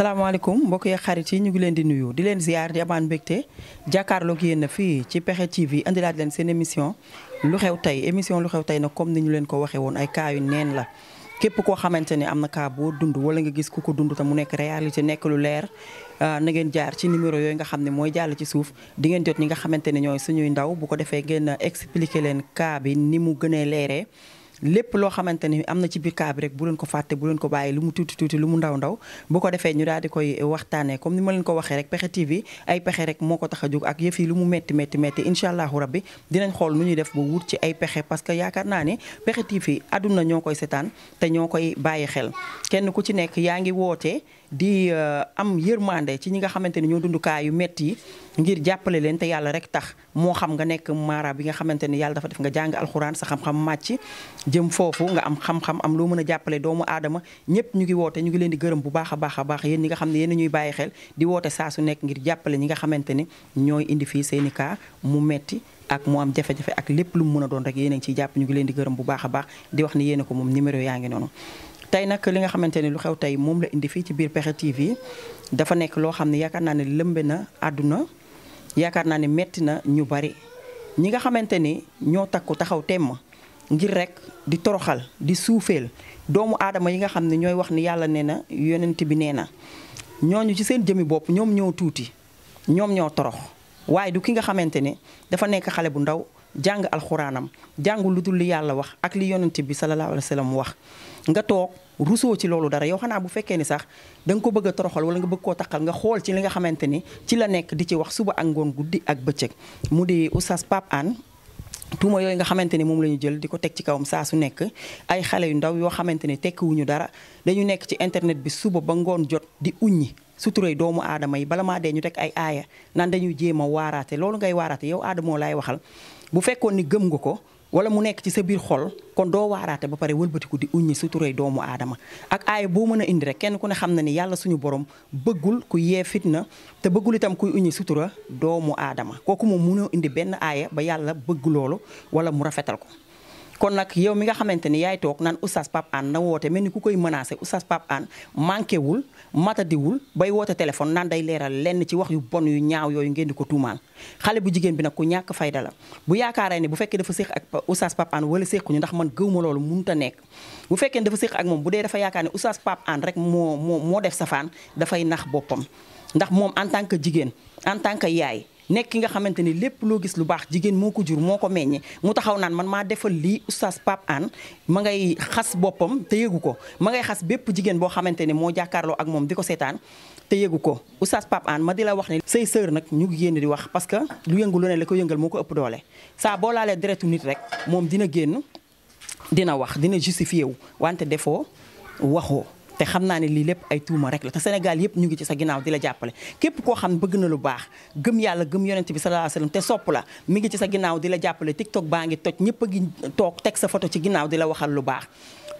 salaamaaleykum mbokk yi xarit yi ñu ngi leen di nuyu di leen ziar di amaan mbégte jàkkaarloog yéen na fii ci Pexxe TV indilaat leen seen émission lu xew tey émission lu xew tey nag comme ni ñu leen ko waxee woon ay cas yu la. képp koo xamante ne am na cas boo dund wala nga gis ku ko dund te mu nekk réalité nekk lu leer euh, na ngeen jaar ci numéro yooyu nga xam ne mooy jàll ci suuf dingeen ngeen jot ñi nga xamante ne ñooy ñuy ndaw bu ko defee ngeen expliquer leen cas bi ni mu gënee leeree. lépp loo xamante ni am na ci biir kaa rek bu leen ko fàttee bu leen ko bàyyi lu mu tuuti tuuti lu mu ndaw ndaw bu ko defee ñu daal di koy waxtaanee comme ni ma leen ko waxee rek Pexxe TV ay pexe rek moo ko tax a jóg ak yëf lu mu metti metti metti incha allahu bi dinañ xool nu ñuy def ba wut ci ay pexe parce que yaakaar naa ni Pexxe TV àdduna ñoo koy setaan te ñoo koy bàyyi xel kenn ku ci nekk yaa ngi wootee di euh, am yërmande ci ñi nga xamante ni ñoo dundukaay yu métti yi ngir jàppale leen te yàlla rek tax moo xam nga nekk maara bi nga xamante ni yàlla dafa def nga jàng alxuraan sa xam-xam màcc jëm foofu nga am xam-xam am loo mën a jàppale doomu aadama ñëpp ñu ngi woote ñu ngi leen di gërëm bu baax a baax a baax yéen ñi nga xam ne yéen ñuy bàyyi xel di woote saa su nekk ngir jàppale ñi nga xamante ni ñooy indi fii seeni kaa mu metti ak mu am jafe-jafe lépp lu mu a doon rek yéen a ciy jàpp ñu ngi leen di gërëm bu baax baax di wax ni yéen ko moom numéro yaa ngi noonu tey nag li nga xamante ne lu xew tey moom la indi fii ci biir Pexxe TV dafa nekk loo xam ne yaakaar naa ne lëmbe na àdduna yaakaar naa ne metti na ñu bari ñi nga xamante ni ñoo takku taxaw temm ngir rek di toroxal di suufeel doomu aadama yi nga xam ne ñooy wax ni yàlla nee na yonent bi nee na ñooñu ci seen jëmi bopp ñoom ñoo tuuti ñoom ñoo torox waaye du ki nga xamante ne dafa nekk xale bu ndaw jàng alxuraanam jàng lu dul li yàlla wax ak li yonent bi sallallahu alayhi wa sallam wax nga toog rusoo ci loolu dara yow xanaa bu fekkee ni sax danga ko bëgg a toroxal wala nga bëgg koo taqal nga xool ci li nga xamante ni ci la nekk di ci wax suba ak ngoon guddi ak bëccëg mu di oustaz Pape Hann tuuma yooyu nga xamante ni moom la ñu jël di ko teg ci kawam saa su nekk ay xale yu ndaw yoo xamante ni tekkiwuñu dara dañu nekk ci internet bi suba ba ngoon jot di uññi suturay doomu aadama yi bala maa dee ñu teg ay aaya nan dañuy jéema waaraate loolu ngay waaraate yow aadamoo laay waxal bu fekkoon ni gëm nga ko wala mu nekk ci sa biir xol kon doo waaraate ba pare wëlbatiku di uññi suturay doomu aadama ak aaya boo mën a indi rek kenn ku ne xam na ni yàlla suñu borom bëggul ku yee fitna te bëggul itam kuy uññi sutura doomu aadama kooku moom mënoo indi benn aaya ba yàlla bëgg loolu wala mu rafetal ko kon nag yow mi nga xamante ni yaay toog naan oustaz Pape Hann na woote mel ni ku koy menacé oustaz Pape Hann manqué wul matadiwul bay woote téléphone naan day leeral lenn ci wax yu bon yu ñaaw yooyu ngeen di ko tuumaal xale bu jigéen bi nag ku ñàkk fayda la bu yaakaaree ne bu fekkee dafa séq ak oustaz Pape Hann wala séquñu ndax man gëwma loolu mënut a nekk bu fekkee dafa séq ak moom bu dee dafa yaakaar ne oustaz Pape Hann rek moo moo moo def safaan dafay nax boppam ndax moom en tant que jigéen en tant que yaay nekk ki nga xamante ni lépp loo gis lu baax jigéen moo ko jur moo ko meññe mu taxaw naan man maa defal li oustaz Pape Hann ma ngay xas boppam te yëgu ko ma ngay xas bépp jigéen boo xamante ne moo jàkkaarloo ak moom di ko seetaan te yëgu ko oustaz Pape Hann ma di la wax ne say sœur nag ñu ngi génn di wax parce que lu yëngu ne la ko yëngal moo ko ëpp doole saa boo laalee deretu nit rek moom dina génn dina wax dina justifié wu wante defoo waxoo te xam naa ne lii lépp ay tuuma rek la te Sénégal yëpp ñu ngi ci sa ginnaaw di la jàppale képp koo xam ne bëgg na lu baax gëm yàlla gëm yonent bi sa alayhi wasallam te sopp la mi ngi ci sa ginnaaw di la jàppale TikTok baa ngi toj ñëpp a ngi toog teg sa foto ci ginnaaw di la waxal lu baax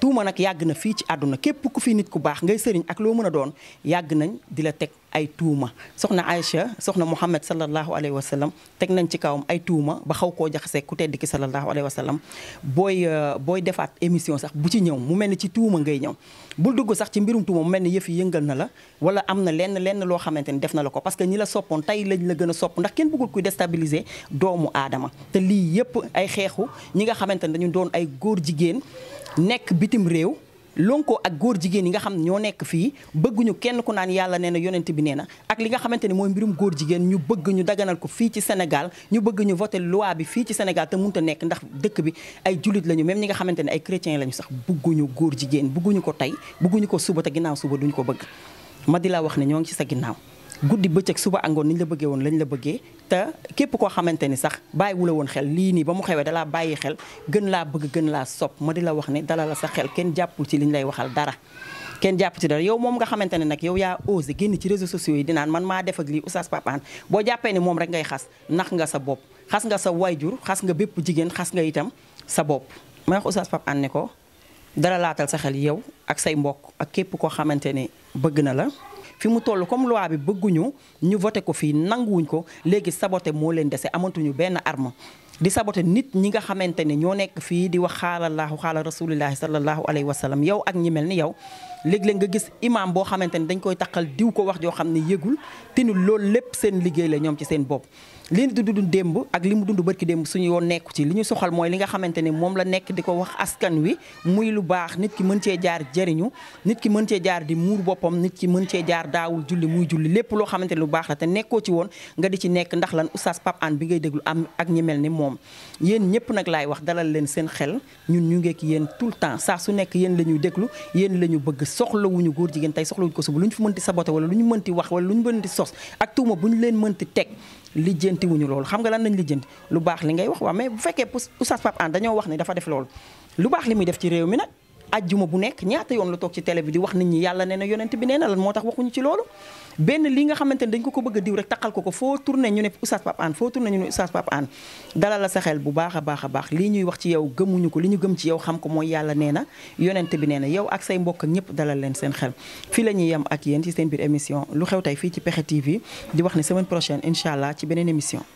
tuuma nag yàgg na fii ci àdduna képp ku fi nit ku baax ngay sëriñ ak loo mën a doon yàgg nañ di la teg ay tuuma soxna Aïcha soxna Mouhamed sallallahu alayhi wa sallam teg nañ ci kawam ay tuuma ba xaw koo jaxase ku tedd ki sallallahu alayhi wa sallam booy euh, booy defaat émission sax bu ci ñëw mu mel ni ci tuuma ngay ñëw bul dugg sax ci mbirum tuuma mu mel ni yëf yi yëngal na la wala am na lenn lenn loo xamante ni def na la ko parce que ñi la soppoon tey lañ la gën a sopp ndax kenn bëggul kuy déstabiliser doomu aadama te lii yëpp ay xeexu ñi nga xamante ne dañu doon ay góor jigéen nekk bitim réew lonko ak góor jigéen yi nga xam ne ñoo nekk fii bëgguñu kenn ku naan yàlla nee na yonent bi nee na ak li nga xamante ne mooy mbirum góor jigéen ñu bëgg ñu daganal ko fii ci Sénégal ñu bëgg ñu voté loi bi fii ci Sénégal te mënut a nekk ndax dëkk bi ay jullit lañu même ñi nga xamante ne ay chrétien lañu sax bëgguñu góor jigéen bëgguñu ko tey bëgguñu ko suba te ginnaaw suba duñu ko bëgg ma di la wax ne ñoo ngi ci sa ginnaaw guddi bëccëg suba angoon ni la bëggee woon la bëggee te képp koo xamante ni sax bàyyiwu la woon xel lii nii ba mu xewee dalaa bàyyi xel gën laa bëgg gën laa sopp ma di la wax ne dala la sa xel kenn jàppul ci li lay waxal dara kenn jàpp ci dara yow moom nga xamante ne nag yow yaa osé génn ci réseaux sociaux yi dinaan man maa def ak lii oustaz Pape boo jàppee ni moom rek ngay xas nax nga sa bopp xas nga sa wayjur xas nga bépp jigéen xas nga itam sa bopp may wax oustaz ko dara laatal sa xel yow ak say mbokk ak képp koo xamante ne bëgg na la fi mu toll comme loi bi bëgguñu ñu voté ko fii nanguwuñ ko léegi saboté moo leen dese amatuñu benn arma di saboté nit ñi nga xamante ne ñoo nekk fii di wax xaalallahu xaala rasulillahi sallallahu alayhi wa sallam yow ak ñi mel ni yow léeg nga gis imaam boo xamante ne dañ koy taqal diw ko wax joo xam ne yëgul te lool lépp seen liggéey la ñoom ci seen bopp. li du du démb ak li mu dund bët ki démb suñu yoon nekku ci li ñu soxal mooy li nga xamante ne moom la nekk di ko wax askan wi muy lu baax nit ki mën cee jaar jëriñu nit ki mën cee jaar di muur boppam nit ki mën cee jaar daawul julli muy julli lépp loo xamante ne lu baax la te nekkoo ci woon nga di ci nekk ndax lan oustaz Pape bi ngay déglu am ak ñi mel ni moom yéen ñëpp nag laay wax dalal leen seen xel ñun ñu ngeek yéen tout le temps saa su nekk yéen la déglu yéen la ñu bëgg soxlawuñu góor jigéen tey soxlawuñu ko suba lu ñu fi mënti saboté wala lu ñu mënti wax wala lu ñu mënti sos ak tuuma bu ñu leen mënti teg lijjanti wuñu loolu xam nga lan nañ lijjanti lu baax li ngay wax waaw mais bu fekkee oustaz Pape Hann dañoo wax ne dafa def loolu lu baax li muy def ci réew mi nag ajjuma bu nekk ñaata yoon la toog ci télé bi di wax nit ñi yàlla nee na yonent bi nee na lan moo tax waxuñu ci loolu benn li nga xamante ne dañ ko ko bëgg a diw rek taqal ko ko foo tourné ñu ne oustaz Pape Hann foo tourné ñu ne oustaz Pape Hann dalal sa xel bu baax a baax a baax lii ñuy wax ci yow gëmuñu ko li ñu gëm ci yow xam ko mooy yàlla nee na yonent bi nee na yow ak say mbokk ak ñëpp dalal leen seen xel fii la ñuy yem ak yéen ci seen biir émission lu xew tey fii ci Pexxe wax ne semaine prochaine incha allah ci beneen émission